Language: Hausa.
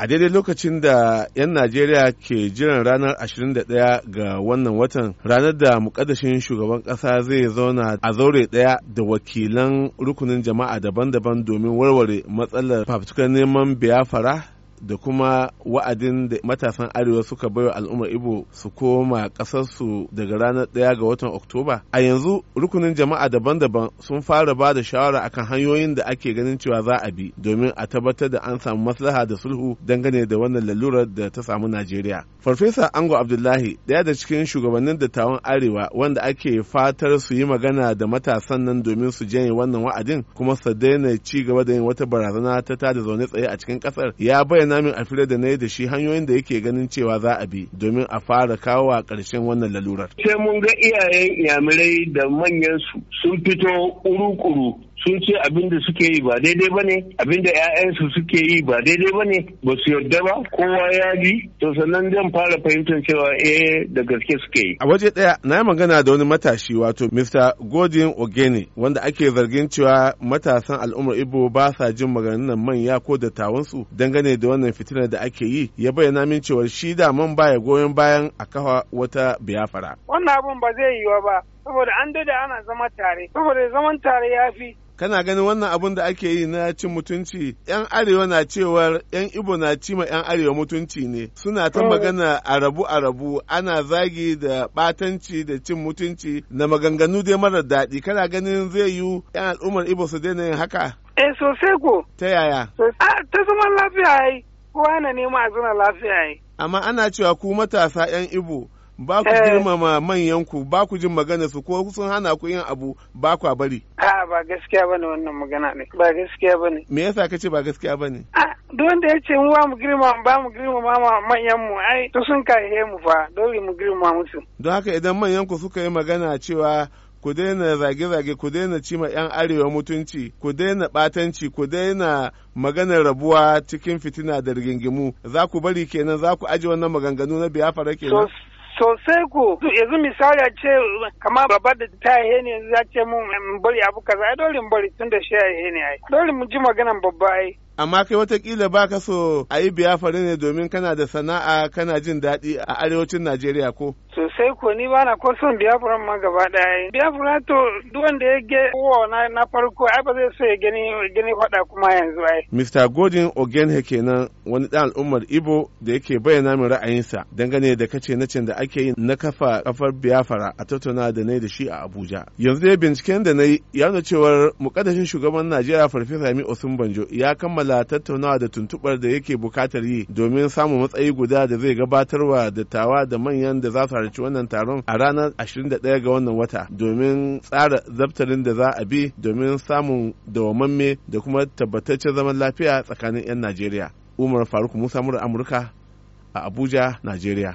a daidai lokacin da 'yan najeriya ke jiran ranar 21 ga wannan watan ranar da mukaddashin shugaban kasa zai zauna a zaure daya da wakilan rukunin jama'a daban-daban domin warware matsalar fafutukar neman biyafara da kuma wa'adin da matasan arewa suka baiwa al'ummar ibo su koma su daga ranar ɗaya ga watan oktoba a yanzu rukunin jama'a daban-daban sun fara ba da shawara akan hanyoyin da ake ganin cewa za a bi domin a tabbatar da an samu maslaha da sulhu dangane da wannan lalurar da ta samu najeriya farfesa ango abdullahi ɗaya da cikin shugabannin dattawan arewa wanda ake fatar su yi magana da matasan nan domin su janye wannan wa'adin kuma su daina ci gaba da yin wata barazana ta tada zaune tsaye a cikin ƙasar ya bayyana namin a da na yi da shi hanyoyin da yake ganin cewa za a bi domin a fara kawo a ƙarshen wannan lalurar. Sai mun ga iyayen iyamirai da manyan su sun fito uru sun ce abin da suke yi ba daidai ba ne abin da 'ya'yansu suke yi ba daidai ba ne ba su yarda ba kowa ya ji to sannan zan fara fahimtar cewa eh da gaske suke yi a waje ɗaya na yi magana da wani matashi wato mr godin ogene wanda ake zargin cewa matasan al'ummar ibo ba sa jin maganganun manya ko dattawansu dangane da wannan fitinar da ake yi ya bayyana min cewa shi da man baya goyon bayan a kafa wata biyafara wannan abun ba zai yiwa ba saboda an dade ana zama tare saboda zaman tare ya fi kana ganin wannan abun da ake yi na cin mutunci yan arewa na cewar yan ibo na cima yan arewa mutunci ne suna ta eh. magana a rabu a rabu ana zagi da batanci da cin mutunci na maganganu dai marar daɗi kana ganin zai yi yan al'ummar ibo su daina yin haka eh sosai ko ta yaya ta zaman lafiya yi kowa na nema a zuna lafiya yi amma ana cewa ku matasa yan ibo ba ku eh. girmama manyan ku ba ku jin magana su ko sun hana ku yin abu ba ku bari a ba gaskiya bane wannan magana ne ba gaskiya bane me yasa kace ba gaskiya bane ah, duk wanda ya ce mu ba mu girmama ba mu girmama manyan mu ai to sun kai mu fa dole mu girmama musu don haka idan manyan ku suka yi magana cewa ku daina zage-zage ku daina cima 'yan arewa mutunci ku daina batanci ku daina maganar rabuwa cikin fitina da rigingimu za ku bari kenan za ku aji wannan maganganu na biyafara kenan Sosai ko yanzu misali a ce kamar babba da ta yi ne yanzu ya ce mun bari abu kaza ai dole mu bari tun da shi haihe ne ai dole mu ji maganan babba ai. amma kai watakila ba ka so a yi biyafari ne domin kana da sana'a kana jin daɗi a arewacin Najeriya ko? sai ko ni bana ko son Biafra ma gaba daya. Biafra to duk wanda ya ge kowa na, na farko ai ba zai so ya gani gani faɗa kuma yanzu ai. Mr. Godin Ogenhe kenan wani dan al'ummar Ibo da yake bayyana min ra'ayinsa dangane da kace na da ake yi na kafa kafar Biafra a tattauna da na da shi a Abuja. Yanzu dai binciken da na yi ya nuna cewar mukaddashin shugaban Najeriya Farfesa Osun banjo ya kammala tattaunawa da tuntubar da yake bukatar yi domin samun matsayi guda da zai gabatarwa da tawa da manyan da za su harci wannan taron a ranar 21 ga wannan wata domin tsara zaftarin da za a bi domin samun dawamamme da kuma tabbataccen zaman lafiya tsakanin 'yan Najeriya. Umar Faruk Musa Amurka a Abuja, Najeriya.